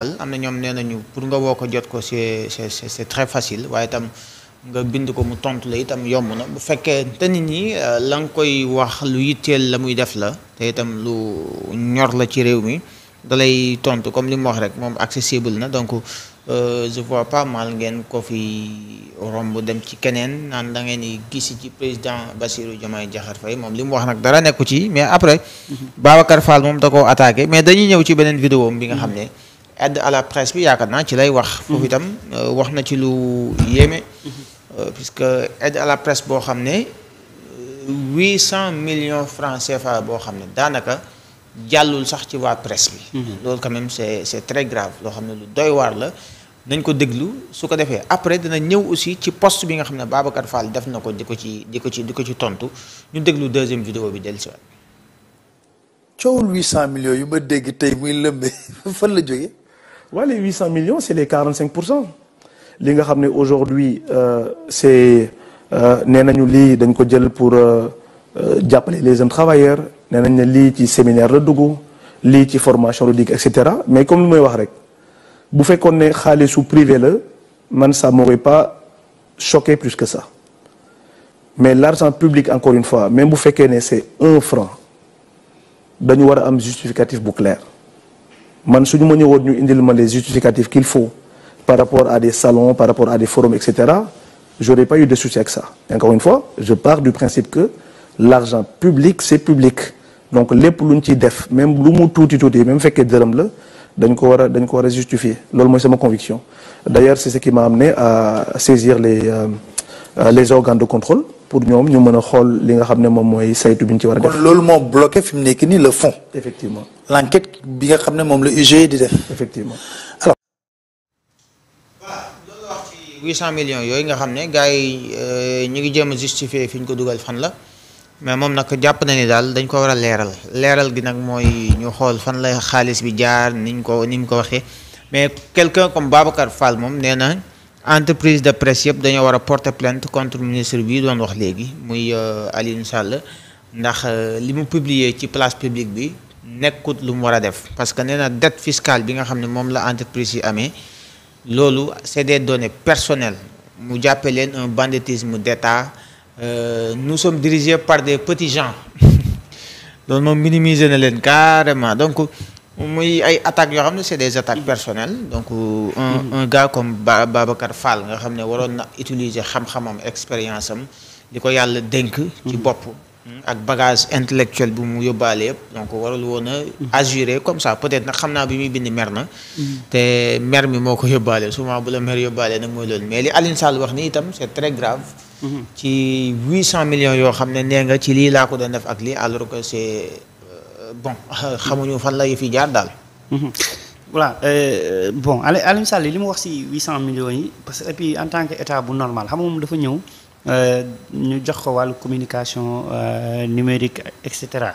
am na ñoom nee nañu pour nga woo ko jot ko c'est c'est c'est très facile waaye itam nga bind ko mu tontu la itam yomb na bu fekkee te nit ñi euh, la nga koy wax lu yitteel la muy def la te itam lu ñor la ci réew mi da tontu comme li mu wax rek moom accessible na donc euh, je vois pas mal ngeen ko fi romb dem ci keneen naan da ngeen di gis ci président Bassirou Diomaye Diakhar Faye moom li mu wax nag dara nekku ci mais après mhm. Babacar Fall moom da koo attaqué mais dañuy ñëw ci beneen vidéo bi nga xam ne. Mhm. aide à la presse bi yaakaar naa ci lay wax. foofu itam euh, wax na ci lu yéeme. Euh, puisque aide à la presse boo xam ne euh, huit cent million francs CFA boo xam ne daanaka jàllul sax ci waa presse bi. Mhm. loolu quand même c'est très grave loo xam ne lu doy waar la. nañ ko déglu su ko defee après dina ñëw aussi ci post bi nga xam ne Babacar Fall def na ko di ko ci di ko ci di ko ci tontu ñu déglu deuxième vidéo bi del dellusiwaat. coowul huit cent millions yu ma dégg tey muy lëmbee fan la jógee. waa les 800 millions c'est les 45 pour cent li nga xam ne aujourd'hui euh, c'est euh, nee nañu lii dañ ko jël pour euh, jàppale les jeunes travailleurs nee nañ ne lii ci séminaire la duggu lii ci formation ludique et cetera mais comme lu may wax rek bu fekkoon ne su privé la man sax m'aurait pas choqué plus que ça mais l'argent public encore une fois mais bu fekkee ne c'est un franc dañu war a am justificatif bu clair man suñu ma ñëwoon ñu indil ma les justificatifs qu'il faut par rapport à des salons par rapport à des forums et cetera j'aurais pas eu de souci avec ça encore une fois je pars du principe que l'argent public c'est public donc lépp lu ñu ciy def même lu mu tuuti tuuti même fekkee dërëm la dañ ko war a dañ ko war a justifier loolu mooy sama conviction d'ailleurs c'est ce qui m'a amené à saisir les euh, euh les organes de contrôle pour ñoom ñu mën a xool li nga xam ne moom mooy saytu bi ñu ci war a def. loolu moo bloqué fi mu nekk nii le fond. effectivement l' bi nga xam ne moom la UG e di def. effectivement alors. voilà loolu yooyu nga xam ne gars yi euh, ñu ngi jëmm a justifier fi ñu ko dugal fan la mais moom nag jàpp na ni daal dañ ko war a leeral leeral gi nag mooy ñu xool fan la xaalis bi jaar ni niñ ko ni mu ko waxee mais quelqu'un comme Babacar Fall moom nee na. entreprise de presse yëpp dañoo war a porter plainte contre ministre bi doon wax léegi muy euh, Alioune Sall ndax euh, li mu publier ci place publique bi nekkut lu mu war a def parce que nee na dette fiscale bi nga xam ne moom la entreprise yi amee loolu c'est des données personnelles mu jàppee leen un banditisme d'État euh, nous sommes dirigés par des petits gens loolu moom minimiser na leen carrément muy ay attaques yoo xam ne c'est des attaques personnelles donc euh, un mm-hmm. un gars comme ba Babacar nga xam ne waroon na utiliser xam-xamam expérience am di ko yàlla dénk. ci mm-hmm. bopp. Mm-hmm. ak bagage intellectuel bu mu yóbbaale yëpp donc warul woon a assurer comme ça peut-être nag xam naa bi muy bindi mer na te mer mi moo ko yóbbaale souvent bu la mer yóbbaalee nag mooy loolu mais li Alioune wax ni itam c'est très grave ci huit cent millions yoo xam ne nee nga ci lii laa ko doon def bon xamuñu fan lay fi jaar daal. Mhm. voilà euh, bon Aliou Sall li mu wax ci 800 millions yi parce que et puis en tant que état bu normal xam moom dafa ñëw euh, ñu jox ko wallu communication euh, numérique et cetera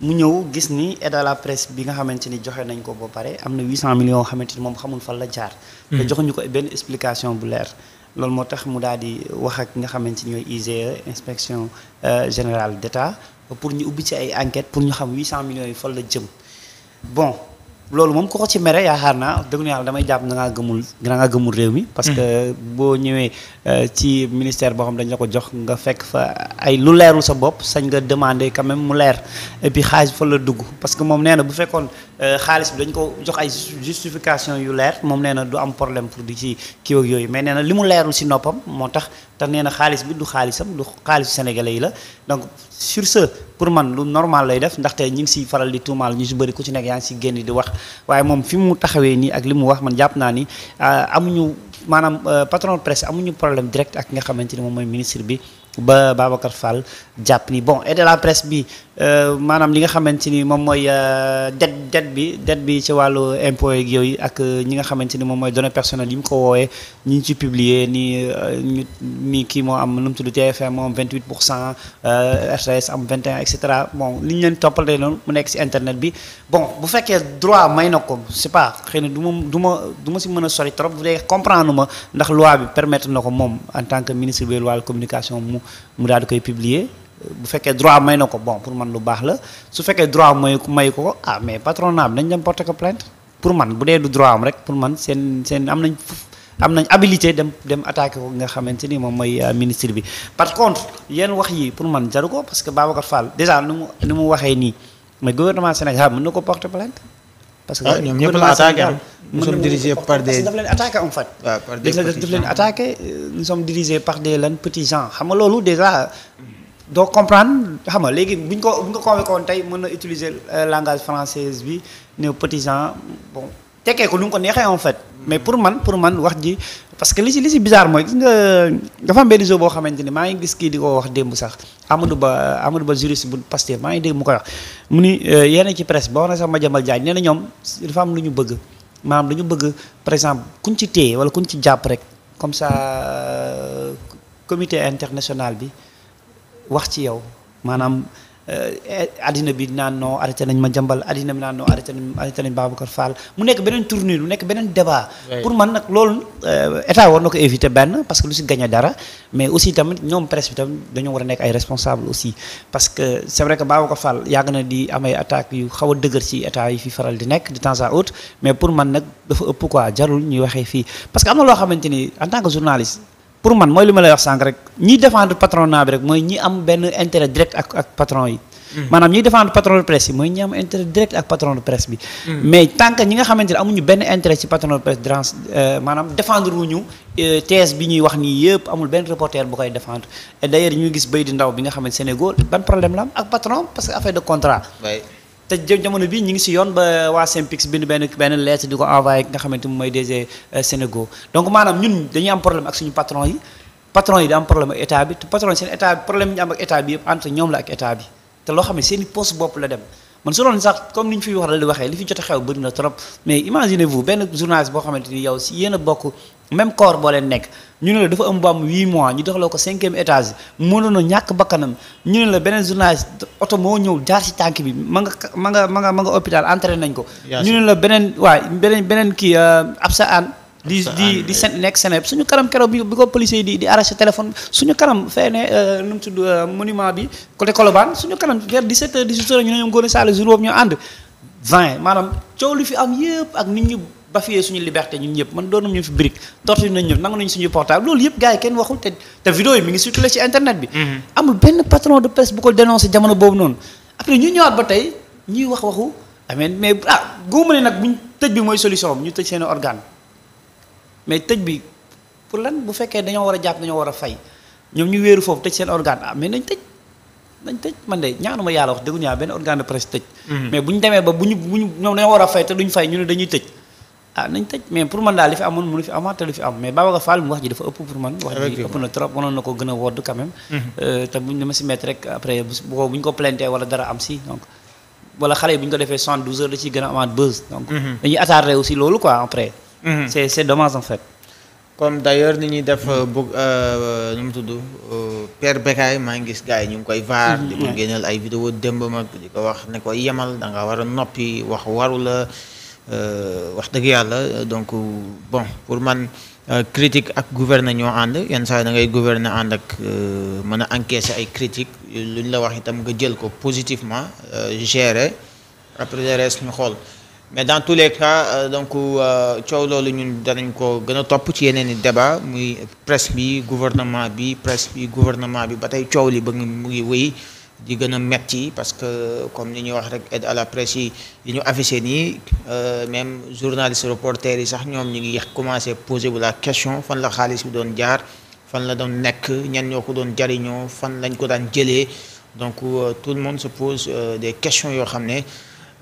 mu ñëw gis ni aide à la presse bi nga xamante ni joxe nañ ko ba pare am na 800 millions xamante ni moom xamul fan la jaar. Mhm. te joxuñu ko benn explication bu leer. loolu moo tax mu daal di wax ak nga xamante ni ñooy IGE inspection euh, générale d'État pour ñu ubbi ci ay enquête pour ñu xam 800 millions yi fan la jëm bon loolu moom ku ko ci mere yaakaar naa dëgg na yàlla damay jàpp na ngaa gëmul na ngaa réew mi. parce que boo ñëwee euh, ci ministère boo xam dañ la ko jox nga fekk fa ay lu leerul sa bopp sañ nga demande quand même mu leer et puis xaalis fa la dugg parce que moom nee na bu fekkoon euh, xaalis bi dañ ko jox ay justification yu leer moom nee na du am problème pour di ci kii yooyu mais nee na li mu leerul si noppam moo tax. te nee na xaalis bi du xaalisam du xaalisu sénégalais yi la donc sur ce pour man lu normal lay def ndaxte ñu ngi siy faral di tuumaal ñu si bëri ku ci nekk yaa ngi si génn di wax waaye moom fi mu taxawee nii ak li mu wax man jàpp naa ni ah, amuñu maanaam euh, patron presse amuñu problème direct ak nga xamante ni moom mooy ministre bi ba Babacar Fall jàpp ni bon et de la presse bi euh, maanaam li nga xamante ni moom mooy det euh, det bi det bi ci wàllu impôt yeeg yooyu ak euh, ñi nga xamante ni moom mooy données personnel yi mu ko woowee ñu ñu ci publier ni ni kii moo am nu mu tudd TFM moom 28 pour cent RTS am 21 et cetera bon li ñu leen toppalee noonu mu nekk si internet bi bon bu fekkee droit may na ko je pas xëy na du ma du ma du ma si mën a sori trop bu dee comprendre ndax loi bi ko moom en tant que ministre bi communication mu daal di koy publier bu fekkee droit may na ko bon pour man lu baax la su fekkee droit mooy may ko ah mais patronat bi nañ dem porter ko plainte pour man bu dee du droit am rek pour man seen seen am nañ am nañ habilité dem dem attaqué ko nga xamante ni moom mooy euh, ministre bi par contre yenn wax yi pour man jaru ko parce que Babacar Fall déjà nu mu ni mu waxee nii mais gouvernement Sénégal mën na ko porter plainte parce que ñoom ñëpp la attaqué ah. euh, nous sommes dirigés par des daf leen attaqué en fait waaw par lan petits gens loolu déjà doo comprendre xam léegi bu ko bu ko convoqué woon tey mën na utiliser euh, langage français bi ne petit bon tekkee ko lu mu ko neexee en fait mais pour man pour man wax ji parce que li ci li ci bizarre mooy gis nga dafa am benn jour boo xamante ni maa ngi gis kii di ko wax démb sax Amadou Ba amalu Ba juriste bu Pastef maa ngi dégg mu koy wax mu ni euh, yenn ci presse boo xam ne sax Madiambal Diagne nee na ñoom dafa am lu ñu bëgg maanaam dañu bëgg par exemple kuñ ci téye wala kuñ ci jàpp rek comme ça euh, comité international bi wax ci yow maanaam Euh, addina bi naan noo arrêté nañ ma jambal addina bi naan noo arrêté nañ arrêté nañ Babacar mu nekk beneen tournure mu nekk beneen débat pour man nag loolu euh, état war na ko éviter benn parce que lu si gagné dara mais aussi tamit ñoom presse bi tamit dañoo war a nekk ay responsable aussi parce que c'est vrai que Babacar Fall yàgg na di am ay attaques yu xaw a dëgër ci état yi fi faral di nekk de temps à autre mais pour man nag dafa ëpp quoi jarul ñuy waxee fii parce que loo xamante ni en tant que journaliste pour man mooy li ma wax sànq rek ñiy défendre patronat bi rek mooy ñi am benn intérêt direct ak patron yi. Mm. maanaam de presse yi mooy ñi am intérêt direct ak patron de presse bi. Mm. mais tant que ñi nga xamante ne amuñu benn intérêt ci patron de presse drance euh, maanaam défendre wuñu euh, thèse bi ñuy wax nii yëpp amul benn reporter bu koy défendre et d' ailleurs ñu gis béy di ndaw bi nga xamante Sénégal ban problème la am ak patron parce que affaire de contrat. te jamono bii ñu ngi si yoon ba waa Synpics bind benn benn lettre di ko envoyé nga xamante ni mooy DG euh, Sénégal donc maanaam ñun dañu am problème ak suñu patron yi patron yi da am problème ak état bi te patron seen état bi problème ñu am ak état bi yëpp entre ñoom la ak état bi te loo xam ne seeni i poste bopp la dem man su doon sax comme ni ñu fiy wax dal di waxee li fi jot a xew bëri na trop mais imaginez vous benn journaliste boo xamante ni yow si yéen a bokk même corps boo leen nekk ñu ne la dafa am bu am 8 mois ñu doxaloo ko cinquième étage mënoon na ñàkk bakkanam ñu ne la beneen journaliste oto moo ñëw jaar si tànk bi ma nga ma nga ma nga ma nga hôpital entraîné nañ ko ñu ne la beneen waaw beneen beneen kii euh, ab sa aan di di di sen nekk Seneweb suñu kanam keroog bi bi ko policier yi di di arraché téléphone suñu kanam fee ne euh, nu mu euh, monument bi côté suñu kanam vers 17 heures 18 heures ñu fi am yëpp ak nit ñi suñu liberté ñun ñëpp man doon ñu fi brique torture nañ ñëpp nangu nañ suñu portable loolu yëpp gars kenn waxul te te vidéo yi mi ngi circulé ci internet bi mhm. amul benn patron de presse bu ko dénoncé jamono boobu noonu après ah, ah, ne nag buñ tëj bi mooy solution bi ñu tëj seen organe mais tëj bi pour lan bu fekkee dañoo war a jàpp dañoo war a fay ñoom ñu wéeru foofu tëj seen organe ah mais nañ tëj nañ tëj man de ñaanu ma yàlla wax dëggu ñaa benn organe de presse tëj. Mhm. mais bu ñu demee ba bu ñu te duñ fay ñu ne dañuy tëj. ah nañ tëj mais pour man daal li fi amoon te lu fi am mais Babacar Fall mu wax ji dafa ëpp pour man. wax ji ëpp na trop mënoon na ko gën a wodd quand même. Mhm. Euh, te buñ dama si mettre rek après bu ko bu ñu ko plaintee wala dara am si donc. xale yi bu ñu ko defee soixante douze a amaat buzz. Mhm. c'est c'est dommage en fait. comme d'ailleurs ni ñuy def euh, bu euh, nu mu tudd euh, per Bécaye maa ngi gis gars yi ñu ngi koy vaar mhm, di ko génneel ay vidéo démb mag di ko wax ne ko yemal danga war a noppi wax waru la wax dëgg yàlla donc bon pour man critique ak gouverner ñoo ànd yenn saa yi da ngay gouverner ànd ak mën a encaisser ay critique lu la wax itam nga jël ko positivement gérer après le reste ñu xool mais dans tous les cas euh, donc euh, coow loolu ñun danañ ko gën a topp ci yeneen i débat muy presse bi gouvernement bi presse bi gouvernement bi ba tey coow li ba mu ngi wéy di gën a metti parce que comme ni ñuy wax rek aide à la presse yi ñu affiché nii euh, même journaliste reporter yi sax ñoom ñu ngi commencé poser bu la question fan la xaalis bi doon jaar fan la doon nekk ñan ñoo ko doon jariñoo fan lañ ko daan jëlee donc tout le monde se pose des questions yoo xam ne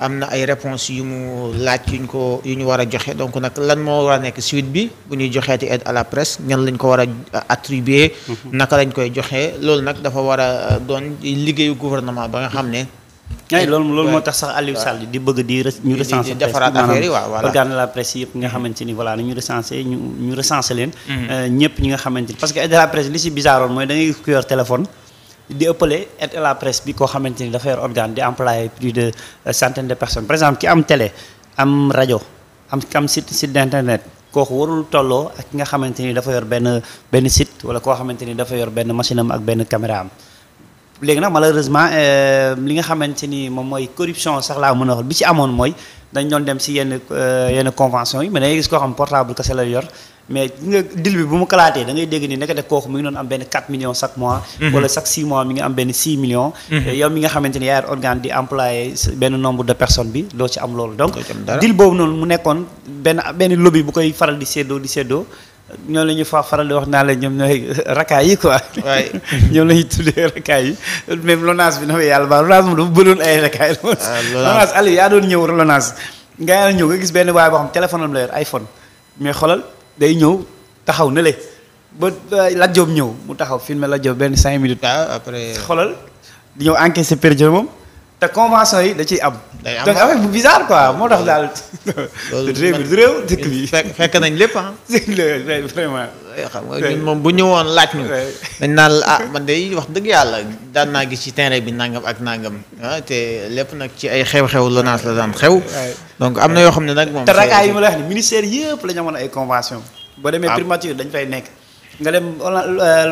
am na ay réponses yu mu laaj yuñ ko yu ñu war a joxe donc nag lan moo war a nekk suite bi bu ñuy joxeeti aide à la presse ñan lañ ko war a attribuer mhm. naka lañ koy joxe loolu nag dafa war a euh, doon liggéeyu gouvernement ba nga xam ne ay eh, loolu moo tax sax Aliou Sall di bëgg di ñu recenser defaraat affaire yi waaw voilà organe de la presse yëpp nga mhm. xamante ni voilà ñu recenser ñu ñu leen mhm. euh, ñëpp ñi nga xamante ni aide à la presse li si bizarroon mooy da ngay ku di ëppale et la presse bi koo xamante ni dafa yor organe di employé plus de euh, centaine de personnes par exemple ki am télé am rajo am am site site d'internet kooku warul tolloo ak ki nga xamante ni dafa yor benn benn site wala koo xamante ni dafa yor benn machine am ak benn caméra am léegi nag malheureusement euh, li nga xamante ni moom mooy corruption sax laa mën a wax bi ci amoon mooy dañ doon dem si yenn euh, yenn convention yi mais da nga dil bi bu mu benn 4 millions chaque mois. Mhm. wala chaque 6 mois mi ngi am benn 6 millions. Mhm. yow mi nga xamante ni yaa yor di employé benn nombre de personnes bi doo ci am loolu. donc dil boobu noonu mu nekkoon benn benn lobby bu koy faral di séddoo di séddoo. ñoom la ñuy fa faral di wax naa la ñoom ñooy rakkaay yi quoi. waay ñoom la tuddee rakkaay yi même Lonase bi na ma yàlla baal Lonase moom dafa bëloon ay rakkaay. Ah, waaw Lonase yaa doon ñëw Lonase. nga ñëw nga gis benn waay boo xam téléphone la yor iPhone mais xolal day ñëw taxaw na le ba Lat Diop ñëw mu taxaw filmé Lat Diop benn cinq minutes. waaw ah, après xoolal di ñëw encaissé perjé moom. te convention yi da ciy am. day am donc affaire bu bizarre quoi moo tax daal. loolu réew mi réew dëkk bi. fekk nañ lépp ah. vraiment. xam nga moom bu ñëwoon laaj ñu. dañ naan ah man de wax dëgg yàlla daan naa gis ci terrain bi nangam ak nangam ah te lépp nag ci ay xew-xew Lonase la daan xew. donc am na yoo xam ne nag moom. te rakaay yi ma lay wax ni ministère yëpp la ñu amoon ay convention. boo demee primature dañ fay nekk. nga dem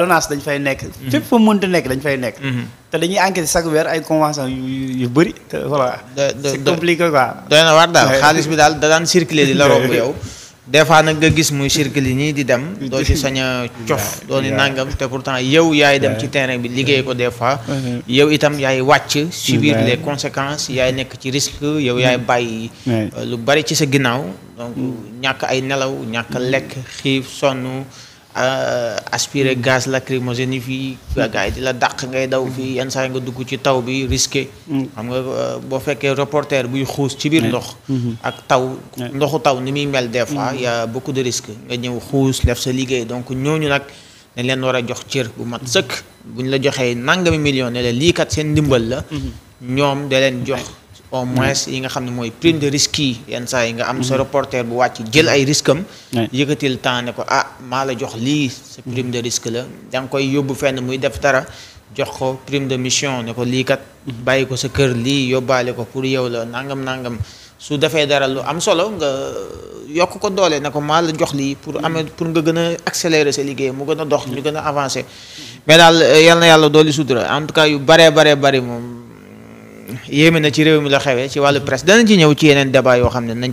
LONASE dañ fay nekk. Mhm. fépp fa mënta nekk dañ fay nekk. Mhm. te dañuy enquête chaque weer ay convention yu yu bëri te voilà. c'est compliqué quoi. doy na waar daal xaalis bi daal da daan circuler di la romb yow. des fois nag nga gis muy circuler nii di dem. doo ci sañ a cof doo ni nangam te pourtant yow yaay dem ci terrain bi liggéey ko des fois. yow itam yaay wàcc. subir les conséquences yaay nekk ci risque yow yaay bàyyi. Euh, lu bari ci sa ginnaaw. Mm. ñàkk ay nelaw ñàkk lekk xiif sonn. Euh, aspiré gaz lacrymogène yi fii mm. gars yi di la daq ngay daw mm. fii yenn saa yi nga dugg ci taw bi risqué mm. xam nga euh, boo fekkee reporter buy xuus ci biir ndox mm-hmm. ak taw ndoxu taw ni muy mel des fois mm-hmm. y a beaucoup de risques nga ñëw xuus def sa liggéey donc ñooñu nag dañ leen war a jox cër bu mat sëkk mm-hmm. buñ la joxee nangami million ne la lii seen ndimbal la ñoom da leen jox au moins yi nga xam ne mooy prime de risque yi yenn saa yi nga am sa mm-hmm. reporter bu wàcc jël ay risque yëkkatil temps ne ko ah maa la jox lii sa mm-hmm. prime de risque la da nga koy yóbbu fenn muy def dara jox ko prime de mission ne ko lii kat mm-hmm. bàyyi ko sa kër lii yóbbaale ko pour yow la nangam nangam su defee dara lu am solo nga yokk ko doole na ko maa la jox lii pour amee pour nga gën a accélérer sa liggéey mu gën a dox ñu gën a avancer mais daal yal na yàlla dooli yéeme na ci réew mi la xewee presse danañ ci ñëw ci yeneen débat yoo xam ne nañ